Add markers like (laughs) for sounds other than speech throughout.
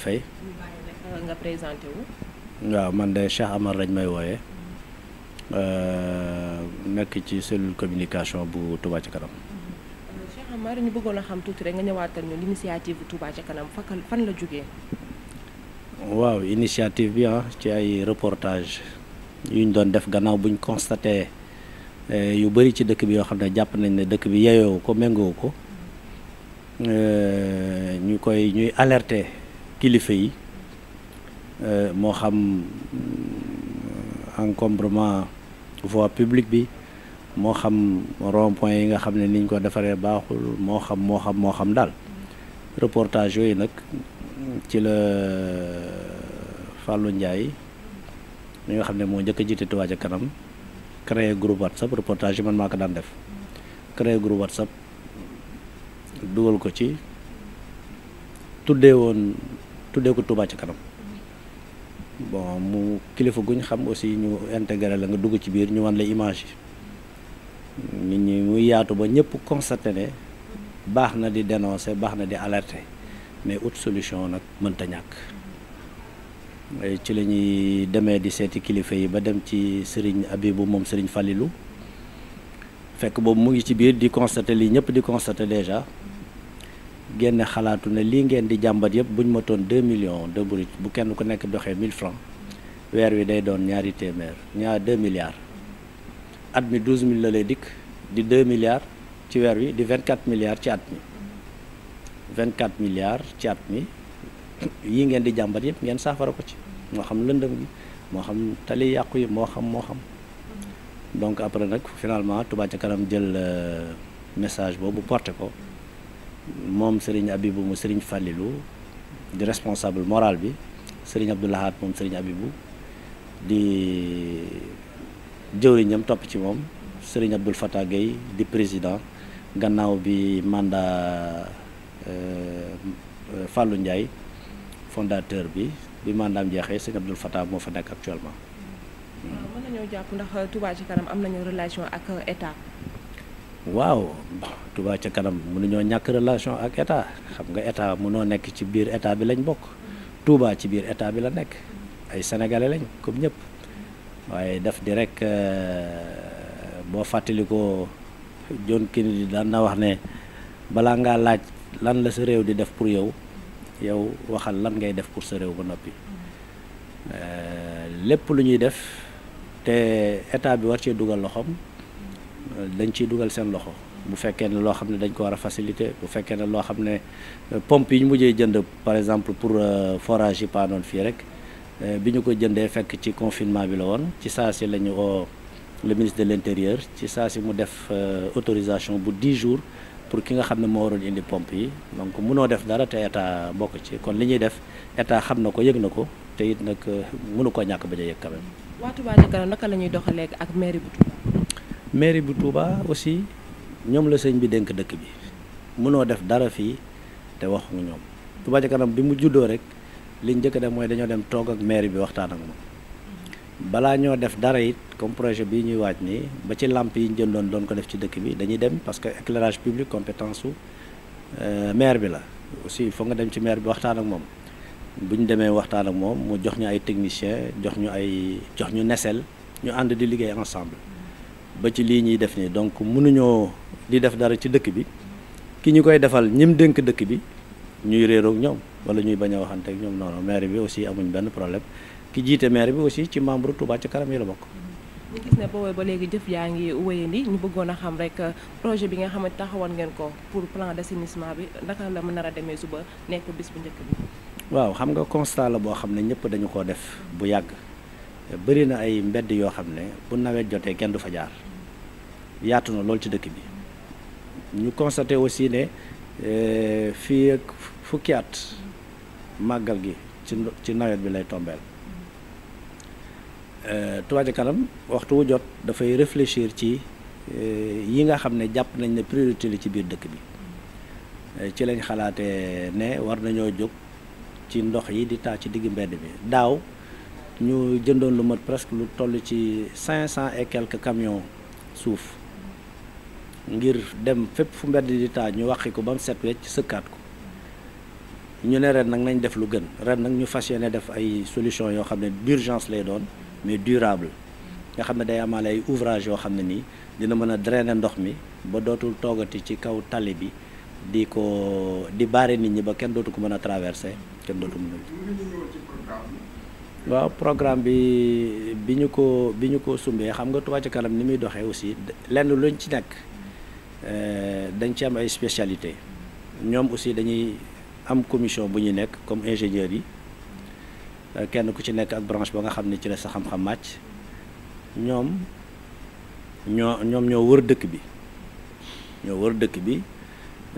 Faye. présenté waaw man de Cheikh Amar lañ may wooyee euh, nekk ci cellule communication bu Touba ci kanam. Euh, Cheikh Amar ñu bëggoon a xam tuuti rek nga ñëwaatal ñu l'initiative bu Touba ci kanam fan la jógee. waaw initiative bi ah ci ay reportage yuñ doon def gannaaw buñ constaté euh, yu bëri ci dëkk bi yoo xam ne jàpp nañ ne dëkk bi yeyowu ko méngoowu ko ñu koy ñuy alerter kilifa yi euh, moo xam euh, encomprement voie publique bi moo xam rond yi nga xam ne niñ ko defaree baaxul moo xam moo xam moo xam daal reportage yooyu nag ci la euh, Fallou Ndiaye mi nga xam ne moo njëkk a jiite Touba ca kanam créé groupe whatsapp reportage yi man maa ko daan def créé groupe whatsapp dugal ko ci tuddee woon tuddee ko Touba ci kanam bon mu kilifa guñ xam aussi ñu intégré la nga dugg ci biir ñu wan la image yi nit ñi muy yaatu ba ñëpp constaté ne baax na di dénoncer baax na di alerter mais autre solution nag mënta ñàkk ci la ñuy demee di seeti kilifa yi ba dem ci Serigne Abibou moom Serigne Falilou fekk boobu mu ngi ci biir di constater lii ñëpp di constater déjà génne xalaatu ne lii ngeen di jàmbat yëpp buñ matoon 2 millions de brut bu kenn ku nekk doxee 1000 francs weer wi day doon ñaari téeméer ñaar 2 milliards at mi 12000 la dikk di 2 milliards ci wi di 24 milliards ci at mi 24 milliards ci at mi (coughs) yii ngeen di jàmbat yëpp ngeen saafara ko ci moo xam lëndëm gi moo xam tali yàqu yi moo xam moo xam donc après nag finalement Touba ca kanam jël euh, message boobu porté ko moom Serigne Abibou mu Serigne Fallilou di responsable moral bi Serigne Abdou Lahad moom Serigne Abibou di jëwriñam topp ci moom Serigne Abdoul Fattah Gueye di président gannaaw bi mandat euh, Fallou Ndiaye fondateur bi bi mandaam jeexee Serigne Abdoul Fattah moo fa nekk actuellement. mën nañoo jàpp ndax Touba ci kanam am nañu relation ak état. waaw Touba ca kanam ñoo ñàkk relation ak état xam nga état mënoo nekk ci biir état bi lañ bokk Touba ci biir état bi la nekk ay sénégalais lañ comme ñëpp waaye daf di rek euh, boo fàttalikoo John Kennedy daan na wax ne balaa ngaa laaj lan la sa réew di def pour yow yow waxal lan ngay def pour sa réew ba noppi euh, lépp lu ñuy def te état bi war cee dugal loxoom. dañ ciy dugal seen loxo bu fekkee ne loo xam ne dañ ko war a faciliter bu fekkee ne loo xam ne euh, pompe yi ñu mujjee jënd par exemple pour euh, forage yi paanoon fii rek euh, bi ñu ko jëndee fekk ci confinement bi la woon ci saa si la ñu oo le ministre de l'intérieur ci saa si mu def autorisation bu 10 jours pour ki nga xam ne moo warul indi pompe yi donc munoo def dara te état bokk ci kon li ñuy def état xam na ko yëg na ko te it nag mënu koo ñàkk bañ a yëg quand maire bu Touba aussi ñoom la sëñ bi denk dëkk bi mënoo def dara fii te waxu ñoom Touba ca kanam bi mu juddoo rek liñ njëkk a def mooy dañoo dem toog ak mairie bi waxtaan ak moom balaa ñoo def dara it comme projet bii ñuy waaj nii ba ci làmp yi ñu jëndoon doon ko def ci dëkk bi dañuy dem parce que éclairage public compétence su euh, maire bi la aussi il nga dem ci maire bi waxtaan ak moom bu ñu demee waxtaan ak moom mu jox ñu ay technicien jox ñu ay jox ñu nesel ñu ànd di liggéey ensemble ba ci lii ñuy def nii donc mënuñoo di def dara ci dëkk bi ki ñu koy defal ñim dénk dëkk bi ñuy réeroog ñoom wala ñuy bañ waxante ak ñoom noonu maire bi aussi amuñ benn problème ki jiite maire bi aussi ci membre Touba ci kanam yi la bokk. ñu gis ne boobu ba léegi jëf yaa ngi wéyandi ñu bëggoon a xam rek euh, projet bi nga xam ne taxawoon ngeen ko pour plan de d'assainissement bi naka la mën nar a demee suba nekk bis bu njëkk bi. waaw xam nga constat la boo xam ne ñëpp dañu ko def bu yàgg. bëri na ay mbedd yoo xam ne bu nawet jotee kenn du fa jaar yaatu na lool ci dëkk bi ñu constaté aussi ne euh, fii ak fukki at màggal gi ci nawet bi lay tombeel euh, Touba Ca Kanam waxtu wu jot dafay réfléchir ci euh, yi nga xam ne jàpp nañ ne priorité li ci biir dëkk bi ci lañ xalaate ne war nañoo jóg ci ndox yi di taa ci digg mbedd bi daaw ñu jëndoon lu ma presque lu toll ci cinq cent et quelques camions suuf ngir dem fépp fu mbedd di taa ñu waxi ko ba mu set wecc sëkkaat ko ñu ne ren nag nañ def lu gën ren nag ñu fas yéene def ay solution yoo xam ne d'urgence lay doon mais durable nga xam ne day amaale ay ouvrage yoo xam ne nii dina mën a drainer ndox mi ba dootul toogati ci kaw tali bi di ko di baare nit ñi ba kenn dootu ko mën a traverser kenn dootu mën a waaw programme bi bi ñu ko bi ñu ko sumbee xam nga Touba ca kanam ni muy doxee aussi lenn luñ ci nekk euh, dañ ci am ay spécialité ñoom aussi dañuy am commission bu ñu nekk comme ingénieurs yi euh, kenn ku ci nekk ak branche ba nga xam ne ci la sa xam-xam màcc ñoom ñoo ñoom ñoo wër dëkk bi ñoo war dëkk bi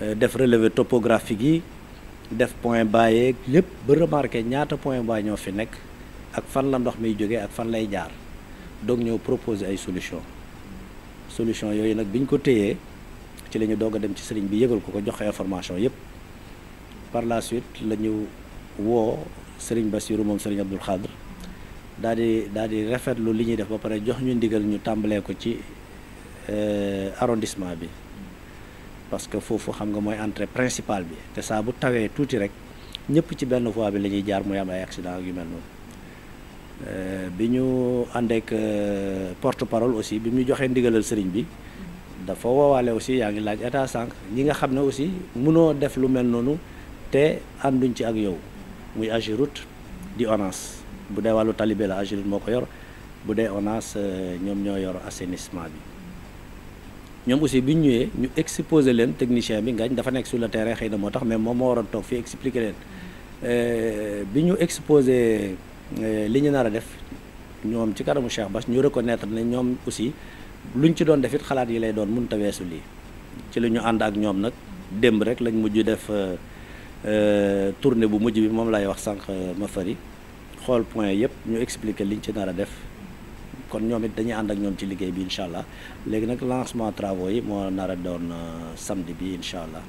euh, def relevé topographique yi def point bas yeeg lépp ba remarqué ñaata point bas ñoo fi nekk ak fan la ndox miy jógee ak fan lay jaar doog ñëw proposer ay solution solution yooyu nag bi ñu ko téyee ci la ñu doog dem ci sëriñ bi yëgal ko ko jox information yëpp par la suite la ñu woo sëriñ Bassirou moom sëriñ Abdoul Khadr daal di daal di rafetlu li ñuy def ba pare jox ñu ndigal ñu tàmbalee ko ci euh, arrondissement bi parce que foofu xam nga mooy entrée principale bi te saa bu tawee tuuti rek ñëpp ci benn voie bi la ñuy jaar muy am ay accident ak yu mel noonu Euh, bi ñu àndeek euh, porte parole aussi bi ñu joxee ndigalal sëriñ bi dafa woowaale aussi yaa ngi laaj état sànq ñi nga xam ne aussi mënoo def lu mel noonu te ànduñ ci ak yow muy Ageroute di ONAS bu dee wàllu talibé la Ageroute moo ko yor bu dee ONAS euh, ñoom ñoo yor assainissement bi ñoom aussi bi ñu ñëwee ñu exposé leen technicien bi ngañ dafa nekk su le terrain xëy na moo tax mais moom moo waroon toog fii expliqué leen bi ñu exposé Euh, li ñu nar a def ñoom ci kanamu Cheikh Bass ñu reconnaître ne ñoom aussi lu ñu ci doon def it xalaat yi lay doon mun a weesu lii ci li ñu ànd ak ñoom nag démb rek lañ mujj def euh, euh, tournée bu mujj bi moom lay wax sànq ma fari xool point yëpp ñu expliquer liñ ci nar a def kon ñoom it dañuy ànd ak ñoom ci liggéey bi incha allah léegi nag lancement travaux yi moo nara doon samedi bi incha allah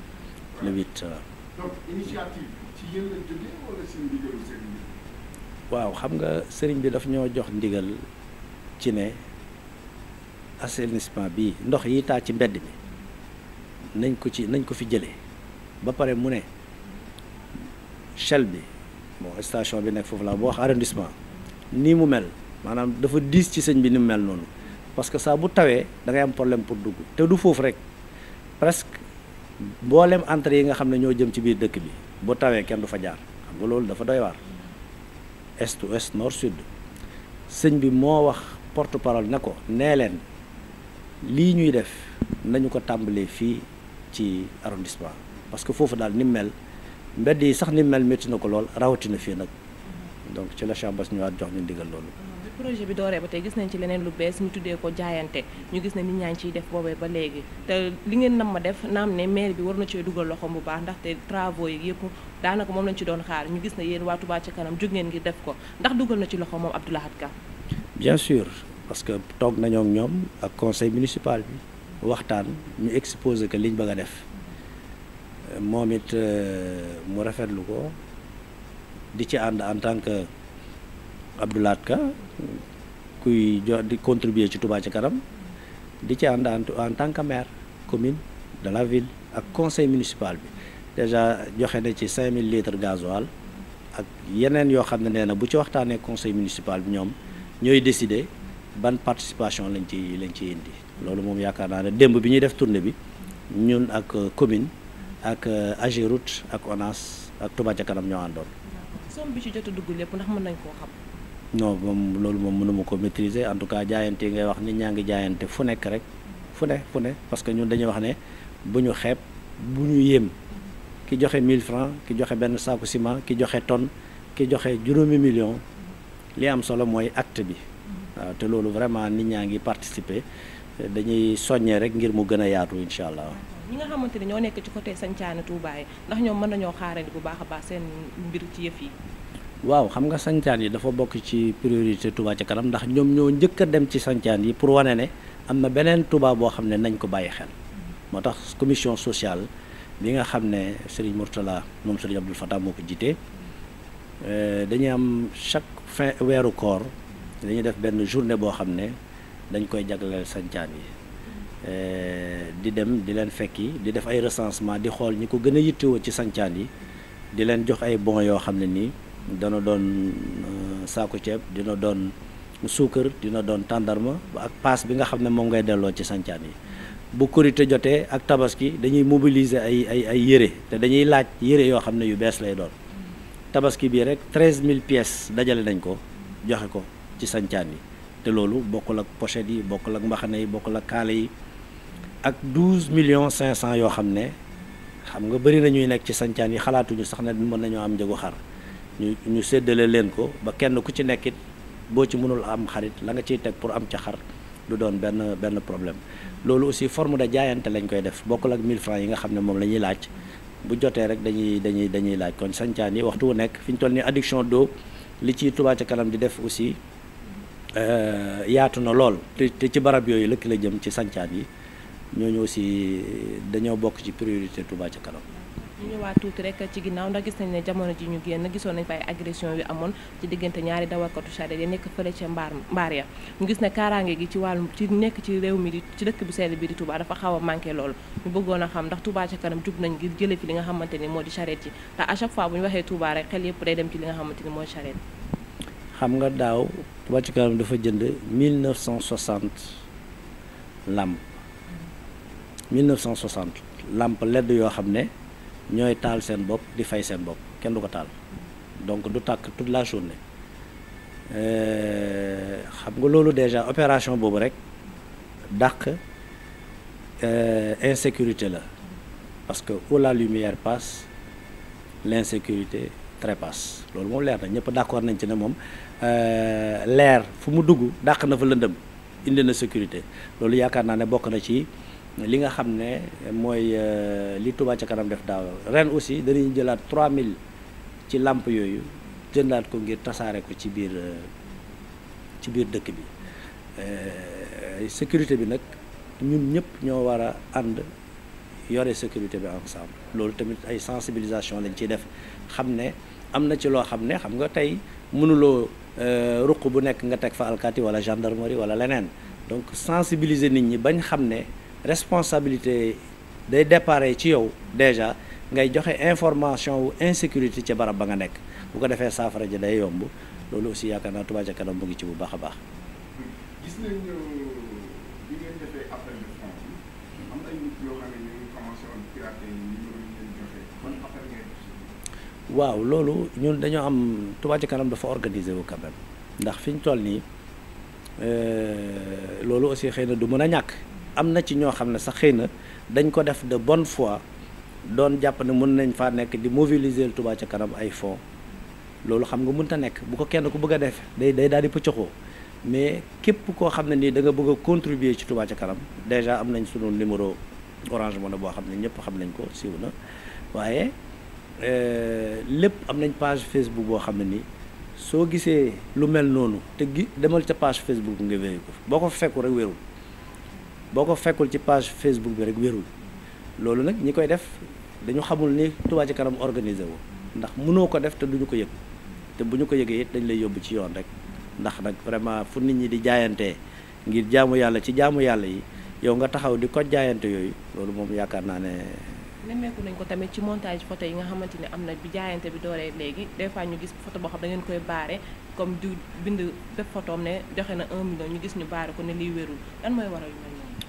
le 8. waaw xam nga sëriñ bi daf ñoo jox ndigal ci ne assainissement bi ndox yi taa ci mbedd mi nañ ko ci nañ ko fi jëlee ba pare mu ne Shell bi bon station bi nekk foofu laa boo wax arrondissement nii mu mel maanaam dafa diis ci sëñ bi ni mu mel noonu parce que saa bu tawee da ngay am problème pour dugg te du foofu rek presque mboolem entrée yi nga xam ne ñoo jëm ci biir dëkk bi bu tawee kenn du fa jaar xam nga loolu dafa doy waar est ouest nord sud sëñ bi moo wax porte parole ne ko nee leen lii ñuy def nañu ko tàmbalee fii ci arrondissement parce que foofu daal ni mel mbedd yi sax ni mel métti na ko lool rawatina fii nag donc ci la Cheikh ñu ñëwaat jox ñu ndigal loolu projet bi dooree ba tey gis nañ ci leneen lu bees ñu tuddee ko jaayante ñu gis ne nit ñaa ngi ciy def boobee ba léegi te li ngeen nam ma def naam ne maire bi war na cee dugal loxoom bu baax ndaxte travaux yi yëpp daanaka moom lañ ci doon xaar ñu gis na yéen waa Touba ca kanam jóg ngir def ko ndax duggal na ci loxo moom Abdou Lahad Ka bien sur parce que toog nañook ñoom ak conseil municipal bi waxtaan ñu exposé que liñ bëgg a def moom it euh, mu rafetlu ko di ci ànd en tant que Abdoulaat Ka kuy jo di contribuer ci Touba ci kanam di ci ànd en tant que maire commune de la ville ak conseil municipal bi déjà joxe na ci cinq mille litres gasoil ak yeneen yoo xam ne nee na bu ci waxtaanee conseil municipal bi ñoom ñooy décider ban participation lañ ci lañ ci indi loolu moom yaakaar naa ne démb bi ñuy def tournée bi ñun ak commune ak euh, Ageroute ak ONAS ak Touba ca kanam ñoo àndoon. non moom loolu moom mënuma ko maîtriser en tout cas jaayante yi ngay wax nit ñaa ngi jaayante fu nekk rek fu ne fu ne parce que ñun dañuy wax ne bu ñu xeep bu ñu yéem ki joxe mille francs ki joxe benn saaku ciment ki joxe ton ki joxe juróomi million li am solo mooy acte bi waaw te loolu vraiment nit ñaa ngi participer dañuy soññee rek ngir mu gën a yaatu incha allah. ñi nga xamante ni ñoo nekk ci côté Sancane Touba yi ndax ñoom mën nañoo xaarandi bu baax a baax seen mbir ci yëf yi. waaw xam nga sancaan yi dafa bokk ci priorité Touba ci kanam ndax ñoom ñoo njëkk a dem ci sancaan yi pour wane ne am na beneen tubaab boo xam ne nañ ko bàyyi xel moo tax commission sociale bi nga xam ne Serigne Mourtala moom Serigne Abdoul Fattah moo ko jiite euh, dañuy am chaque fin weeru koor dañuy def benn journée boo xam ne dañ koy jagleel sancaan yi euh, di dem di leen fekki di def ay recensement di xool ñi ko gën a yittewoo ci sancaan yi di leen jox ay bons yoo xam ne nii dana doon euh, saaku ceeb dina doon suukar dina doon tàndarma ak paas bi nga xam ne moom ngay delloo ci sancaan yi bu korite jotee ak tabaski dañuy mobiliser ay ay ay yére te dañuy laaj yére yoo xam ne yu bees lay doon tabaski bii rek treize mille pièces dajale nañ ko joxe ko ci sancaan yi te loolu bokkul ak pochette yi bokkul ak mbaxane yi bokkul ak kaala yi ak 12 millions 500 yoo xam ne xam nga bëri na ñuy nekk ci sancaan yi xalaatuñu sax ne mën nañoo am njëgu xar ñu ñu séddale leen ko ba kenn ku ci nekkit boo ci mënul am xarit la nga ciy teg pour am ca xar du doon benn benn problème loolu aussi forme de jaayante lañ koy def bokkul ak 1000 francs yi nga xam ne moom la ñuy laaj bu jotee rek dañuy dañuy dañuy laaj kon sancaan yi waxtu wu nekk fi ñu toll nii addiction d'eau li ciy Touba ca kanam di def aussi euh, yaatu na lool te ci barab yooyu lëkk la jëm ci sancaan yi ñoo ñooñu aussi dañoo bokk ci priorité Touba ca kanam ñu waa tuuti rek ci ginnaaw ndax gis nañ ne jamono ji ñu génn gisoon nañ fa ay agression yu amoon ci diggante ñaari dawalkatu charrette yi nekk fële ca mbaar mbaar ya ñu gis ne kaaraange gi ci wàllum ci nekk ci réew mi di ci dëkk bu sell bi di Touba dafa xaw a manqué loolu ñu bëggoon a xam ndax tubaa ca kanam jug nañ ngir jële fi li nga xamante ni moo di charrette yi te a chaque fois bu ñu waxee Touba rek xel yëpp day dem ci li nga xamante ni moo xam nga daaw Touba ca kanam dafa jënd 1960 lamp 1960 lamp ledd yoo xam ne ñooy taal seen bopp di fay seen bopp kenn du ko taal donc du tàkk toute la journée euh, xam nga loolu déjà opération boobu rek dàq euh, insécurité la parce que où la lumière passe l'insécurité trépasse loolu moom leer na ñëpp d'accord nañ ci ne moom euh, leer fu mu dugg dàq na fa lëndëm indi na sécurité loolu yaakaar naa ne bokk na ci. li nga xam ne mooy euh, li Touba ca kanam def daaw ren aussi danañu jëlaat trois mille ci làmp yooyu jëndaat ko ngir tasaare ko ci biir euh, ci biir dëkk bi euh, sécurité bi nag ñun ñëpp ñoo war a ànd yore sécurité bi ensemble loolu tamit ay sensibilisation lañ ciy def xam ne am na ci loo xam ne xam nga tey mënuloo ruq bu nekk nga teg fa alkaati wala gendarmerie wala leneen donc sensibiliser nit ñi bañ xam ne responsabilité day dépare ci yow déjà ngay joxe information wu insécurité ci barab ba nga nekk bu ko defee saafara ji day yomb loolu aussi yaakaar naa Touba ca kanam mu ngi ci bu baax a baax. Euh, waaw loolu ñun dañoo am Touba ca kanam dafa organiser wu quand ndax fi ñu toll nii euh, loolu aussi xëy na du mën a ñàkk. am na ci ñoo xam ne sax xëy na dañ ko def de bonne fois doon jàpp ne mën nañ faa nekk di mobiliser tubaa ca kanam ay fonds loolu xam nga mënta nekk bu ko kenn ku bëgg a def day day daal di pëccëxoo mais képp koo xam ne nii da nga bëgg a contribuer ci tubaa ca kanam déjà am nañ sunu numéro Orange Money boo xam ne ñëpp xam nañ ko siiw na waaye euh, lépp am nañ page Facebook boo xam ne nii soo gisee lu mel noonu te gi demal ca page Facebook nga wéeru ko boo ko fekku rek wérul boo ko fekkul ci page Facebook bi rek wérul loolu nag ñi koy def dañu xamul ni Touba Ca Kanam organisé ndax mënoo ko def te duñu ko yëg te bu ñu ko yëgee it dañ lay yóbbu ci yoon rek ndax nag vraiment fu nit ñi di jaayantee ngir jaamu yàlla ci jaamu yàlla yi yow nga taxaw di ko jaayante yooyu loolu moom yaakaar naa ne nemmeeku nañ ko tamit ci montage photo yi nga xamante ne am na bi jaayante bi dooree léegi des ñu gis photo boo xam da ngeen koy baare comme du bind bépp photoom ne joxe na un million gis ñu baare ko ne liy wérul lan mooy waral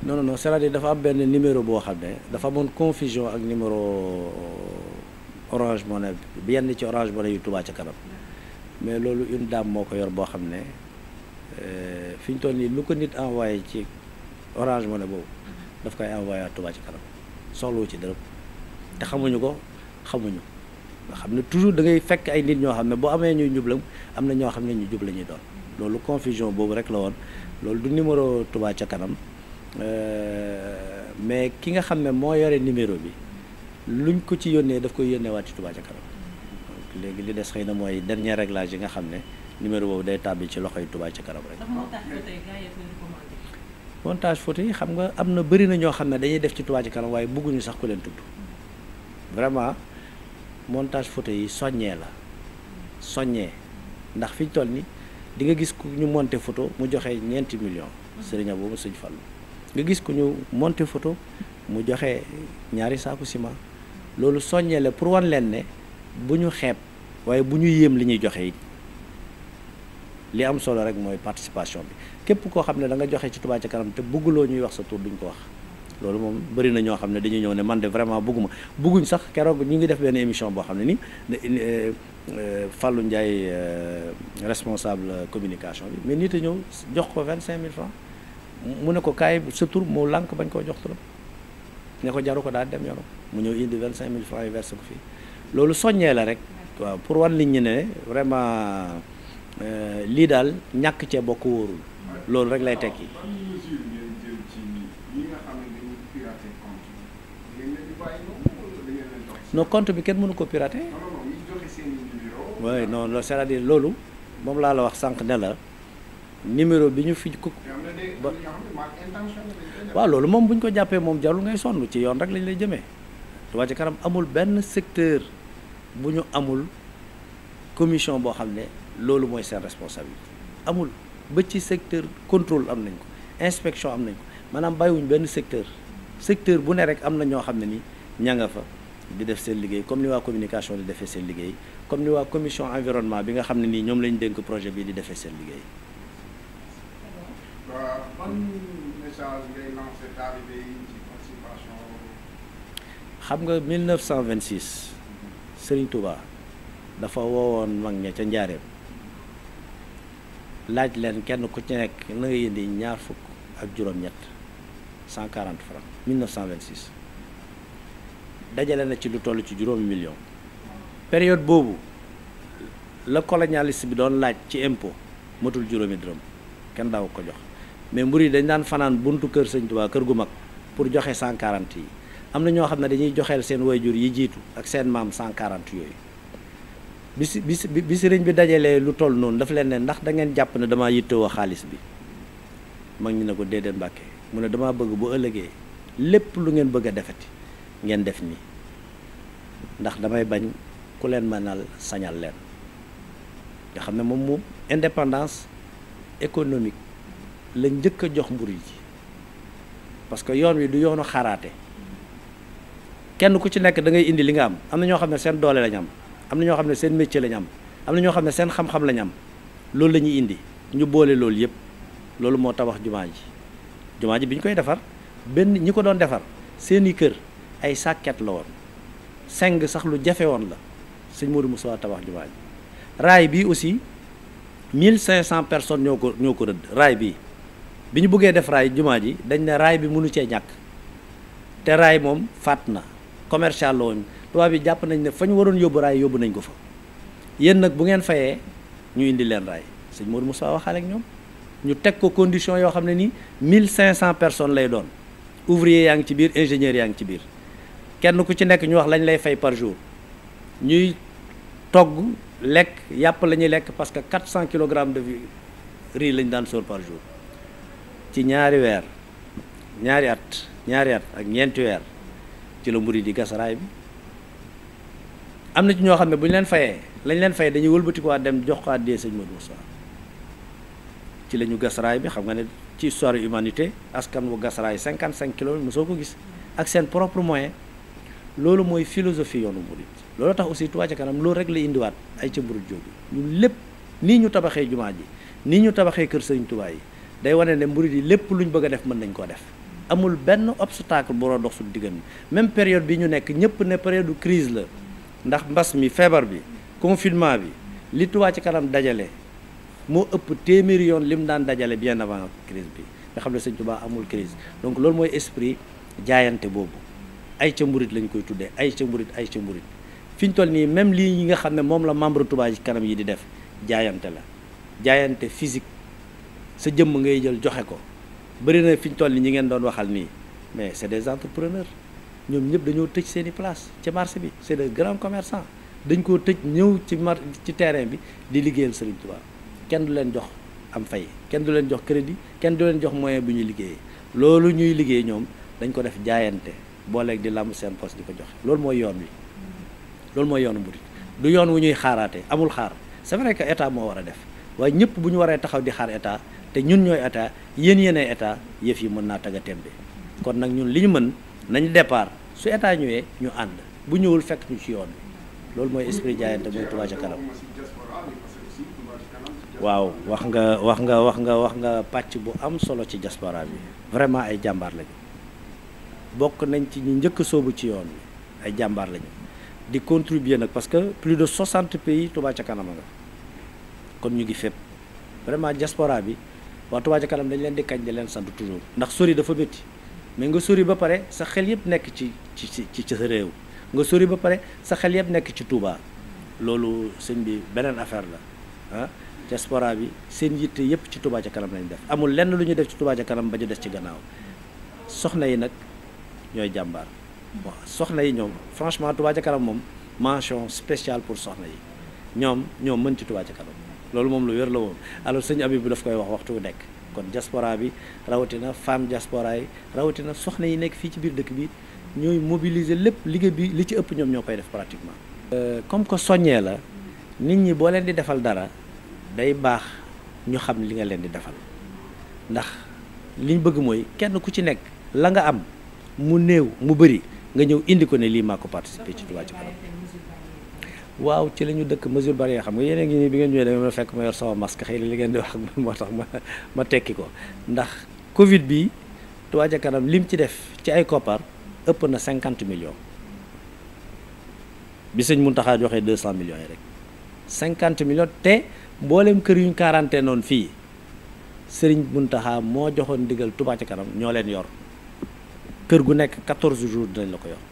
noonu non cest à dafa am benn numéro boo xam ne dafa amoon confusion ak numéro euh, orange money bi yenn ci orange money yu tubaa ca kanam mais loolu une dame moo ko yor boo xam ne euh, fi ñu toll nii lu ko nit envoyé ci orange money boobu daf koy envoyé à Touba ca kanam soxlawu ci dërëm te xamuñu ko xamuñu nga xam ne toujours da ngay fekk ay nit ñoo xam ne boo amee ñuy njublam am na ñoo xam ne ñu jub la ñuy doon loolu confusion boobu rek la woon loolu du numéro Touba ca kanam. Euh, mais ki nga xam ne moo yore numéro bi luñ ko ci yónnee daf koy yónneewaat ci Touba ca kanam léegi li des xëy na mooy dernier réglage yi nga xam ne numéro boobu day tàbbi ci loxoy Touba ci kanam rek. montage photo yi xam nga am na bëri na ñoo xam ne dañuy def ci Touba ca kanam waaye bugguñu sax ko leen tudd vraiment montage photo yi soññee la soññee ndax fi ñu toll ni di nga gis ku ñu monte foto mu joxe ñeenti million mm-hmm. sëriñ boobu sëñ fal nga gis ku ñu monte photo mu joxe ñaari saaku sima loolu soññeele pour wan leen ne bu ñu xeeb waaye bu ñu yéem li ñuy joxe yi li am solo rek mooy participation bi képp koo xam ne da nga joxe ci Touba ca kanam te bëgguloo ñuy wax sa tur duñ ko wax loolu moom bëri na ñoo xam ne dañuy ñëw ne man de vraiment bëgguma bëgguñ sax keroog ñu ngi def benn émission boo xam ne ni euh, euh, Fallou Ndiaye euh, responsable communication bi mais nit a ñëw jox ko vingt cinq mille francs mu ne ko kaay sa tur moo lànk bañ koo jox turam ne ko jaru ko daal dem yoonam mu ñëw indi vingt cinq mille francs yi verse fii loolu soññee la rek waaw pour wan liñ ñu ne vraiment euh, lii daal ñàkk cee bokk wóorul loolu rek lay tekki non compte bi kenn mënu ko pirater waaye non cest à loolu moom laa la wax sànq ne la numéro bi ñu fi ku waaw loolu moom bu ñu ko jàppee moom jarul ngay sonn ci yoon rek lañ lay jëmee Touba Ca Kanam amul benn secteur bu ñu amul commission boo xam ne loolu mooy seen responsabilité amul ba ci secteur contrôle am nañ ko inspection am nañ ko maanaam bàyyiwuñ benn secteur secteur bu ne rek am na ñoo xam ne ni ña nga fa di def seen liggéey comme ni waa communication di defee seen commission environnement bi nga xam ne nii ñoom lañ dénk projet bi di defee seen xam nga 1926 Serigne Touba dafa wowoon mag ña ca njaareem laaj leen kenn ku ci nekk na nga yëndi ñaar fukk ak juróom-ñett 140 dajale na ci lu toll ci juróomi million période boobu la colonialiste bi doon laaj ci impo matul juróomi dërëm kenn daaw ko jox mais mbir yi dañ daan fanaan buntu kër sëñ Tuubaa kër gu mag pour joxe 140 yi am na ñoo xam ne dañuy joxeel seen wayjur yi jiitu ak seen maam 140 yooyu bi si bi si bi sëriñ bi dajalee lu toll noonu dafa leen ne ndax da ngeen jàpp ne damaa yittewoo xaalis bi mag ñi ne ko déedéet Mbàkke mu ne damaa bëgg bu ëllëgee lépp lu ngeen bëgg a defati ngeen def nii ndax damay bañ ku leen mënal sañal leen nga xam ne moom mu indépendance économique. la njëkk a jox mburu yi parce que yoon wi du yoonu xaaraate kenn ku ci nekk da ngay indi li nga am am na ñoo xam ne seen doole lañ am am na ñoo xam ne seen métier lañ am am na ñoo xam ne seen xam-xam lañ loolu la ñuy indi ñu boole loolu yëpp loolu moo tabax jumaa ji jumaa ji bi ñu koy defar benn ñi ko doon defar seeni kër ay sàkket la woon seng sax lu jafe woon la sëñ Modou Moussa tabax jumaa ji raay bi aussi 1500 personnes ñoo ko ñoo ko rëdd raay bi bi ñu bëggee def raay jumaa ji dañ ne raay bi mënu cee ñàkk te raay moom fàtt na commercial la woon tubaab yi jàpp nañ ne fa ñu waroon yóbbu raay yóbbu nañ ko fa yéen nag bu ngeen fayee ñu indi leen raay sëñ Modou Moussa waxaale ak ñoom ñu teg ko condition yoo xam ne nii 1500 personnes lay doon ouvrier yaa ngi ci biir ingénieur yaa ngi ci biir kenn ku ci nekk ñu wax lañ lay fay par jour ñuy togg lekk yàpp la ñuy lekk parce que 400 kilogrammes de riz lañ daan sóor ci ñaari weer ñaari at ñaari at ak ñeenti weer ci la murid di gasaraay bi am na ci ñoo xam ne bu ñu leen fayee lañ leen fayee dañuy wëlbatikuwaat dem jox ko àddee sëñ Modou Moussa ci la ñu bi xam nga ne ci histoire humanité askan wu gas raay cinquante cinq kilomètres mosoo ko gis ak seen propre loolu mooy philosophie yoonu murid loolu tax aussi Touba ca kanam loolu rek la indiwaat ay ca murid jóobi ñun lépp nii ñu tabaxee jumaa ji nii ñu tabaxee kër sëñ Touba yi day wane ne murid yi lépp ñu bëgg a def mën nañ koo def amul benn obstacle bu war a dox diggante même période bi ñu nekk ñëpp ne période de crise la ndax mbas mi feebar bi confinement bi li Touba ci kanam dajale moo ëpp téeméeri yoon li mu daan dajale bien avant crise bi nga xam ne sëñ Touba amul crise donc loolu mooy esprit jaayante boobu ay ca murid lañ koy tuddee ay ca murid ay ca murid fi ñu toll nii même lii ñi nga xam ne moom la membre Touba kanam yi di def jaayante la jaayante physique sa jëmm ngay jël joxe ko bëri na fi ñu toll ni ñi ngeen doon waxal nii mais c'est des entrepreneurs ñoom ñëpp dañoo tëj seen i place ci marché bi c'est des grands commerçants dañ koo tëj ñëw ci mar ci terrain bi di liggéeyal Serigne Touba kenn du leen jox am fay kenn du leen jox crédit kenn du leen jox moyen bu ñuy liggéeyee loolu ñuy liggéey ñoom dañ ko def jaayante booleeg di lamb seen poste di ko joxe loolu mooy yoon wi loolu mooy yoonu murid du yoon wu ñuy xaaraate amul xaar c'est vrai que état moo war a def waaye ñëpp bu ñu waree taxaw di xaar état te ñun ñooy état yéen yéenay état yëf yi mën naa tagga bi kon nag ñun li ñu mën nañ départ su état ñëwee ñu ànd bu ñëwul fekk ñu ci yoon loolu mooy esprit jaayante muy Touba ca kanam waaw wax nga wax nga wax nga wax nga pàcc bu am solo ci diaspora bi vraiment ay jàmbaar lañu bokk nañ ci ñi njëkk soobu ci yoon ay jàmbaar lañu di contribuer nag parce que plus de 60 pays Touba ca kanam nga kon ñu ngi fépp vraiment jaspora bi waa Touba ca kanam dañ leen di kañ di leen sant toujours ndax sori dafa métti mais nga sori ba pare sa xel yëpp nekk ci ci ci ci sa réew nga sori ba pare sa xel yëpp nekk ci Touba loolu sëñ bi beneen affaire la ah diaspora bi seen yitte yëpp ci tubaa ca kanam lañ def amul lenn lu ñu def ci Touba ca kanam ba ñu des ci gannaaw soxna yi nag ñooy jàmbaar waaw soxna yi ñoom franchement Touba ca kanam moom mention spéciale pour soxna yi ñoom ñoom mën ci Touba ca kanam loolu moom lu wér la woon alors sëñ Habib bi daf koy wax waxtu wu nekk kon diaspora bi rawatina femme diaspora yi rawatina soxna yi nekk fii ci biir dëkk bi ñooy mobiliser lépp liggéey bi li ci ëpp ñoom ñoo koy def pratiquement. Euh, comme que soññee la nit ñi boo leen di defal dara day baax ñu xam li nga leen di defal ndax liñ bëgg mooy kenn ku ci nekk la nga am mu néew mu bëri nga ñëw indi ko ne lii maa ko participé ci Touba ci kanam waaw ci la ñu dëkk mesure barrière xam nga yéen a ngi nii bi ngeen ñëwee da ngeen fekk ma yor sama masque xëy na li ngeen di wax (laughs) moo tax ma tekki ko ndax Covid bi Touba ca kanam lim ci def ci ay koppar ëpp na cinquante million bi sëñ Mountakha joxe deux cent millions yi rek cinquante millions te mboolem kër yu ñu quarantaine noonu fii sëriñ Mountakha moo joxoon ndigal Touba ca kanam ñoo leen yor kër gu nekk quatorze jours dinañ la ko yor.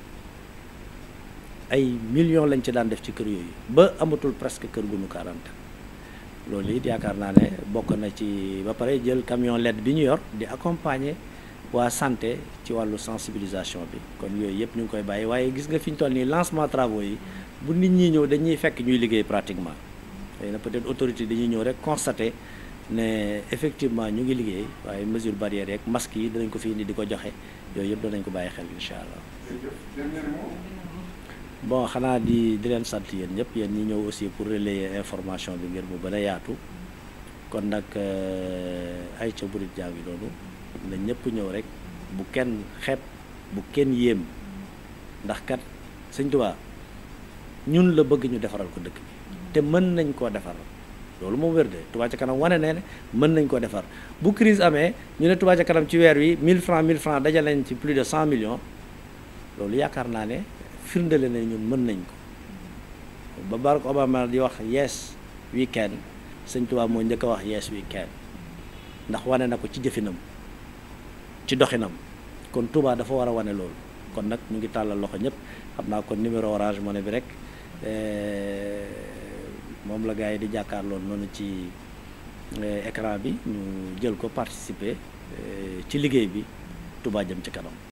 ay millions lañ ci daan def ci kër yooyu ba amatul presque kër gu nu loolu it yaakaar naa ne bokk na ci ba pare jël camion LED bi ñu yor di accompagner waa santé ci wàllu sensibilisation bi kon yooyu yëpp ñu ngi koy bàyyi waaye gis nga fi ñu toll nii lancement travaux yi bu nit ñi ñëw dañuy fekk ñuy liggéey pratiquement xëy na peut-être autorité dañuy ñëw rek constaté ne effectivement ñu ngi liggéey waaye mesure barrière yeeg masque yi danañ ko fi indi di ko joxe yooyu yëpp danañ ko bàyyi xel incha allah. bon xanaa di di leen sant yéen ñëpp yéen ñi ñëw aussi pour relayer information bi ngir mu gën yaatu kon nag euh, ay ca burit jaa ngi ñëpp ñëw rek bu kenn xeeb bu kenn yéem ndax kat sëñ Tuubaa ñun la bëgg ñu defaral ko dëkk bi te mën nañ koo defar loolu moom wér de Touba ca kanam wane ne ne mën nañ koo defar bu crise amee ñu ne Touba ca kanam ci weer wi mille francs 1000 francs dajal nañ ci plus de 100 millions loolu yaakaar naa ne firndale na ñun mën nañ ko ba Barack Obama di wax yes we can sëñ Tuubaa moo njëkk a wax yes we can ndax wane na ko ci jëfinam ci doxinam kon tubaa dafa war a wane loolu kon nag ñu ngi tàllal loxo ñëpp xam naa kon numéro orange money bi rek eh, moom la gars yi di jàkkaarloo noonu ci eh, écran bi ñu jël ko participer eh, ci liggéey bi tubaa jëm ci kanam.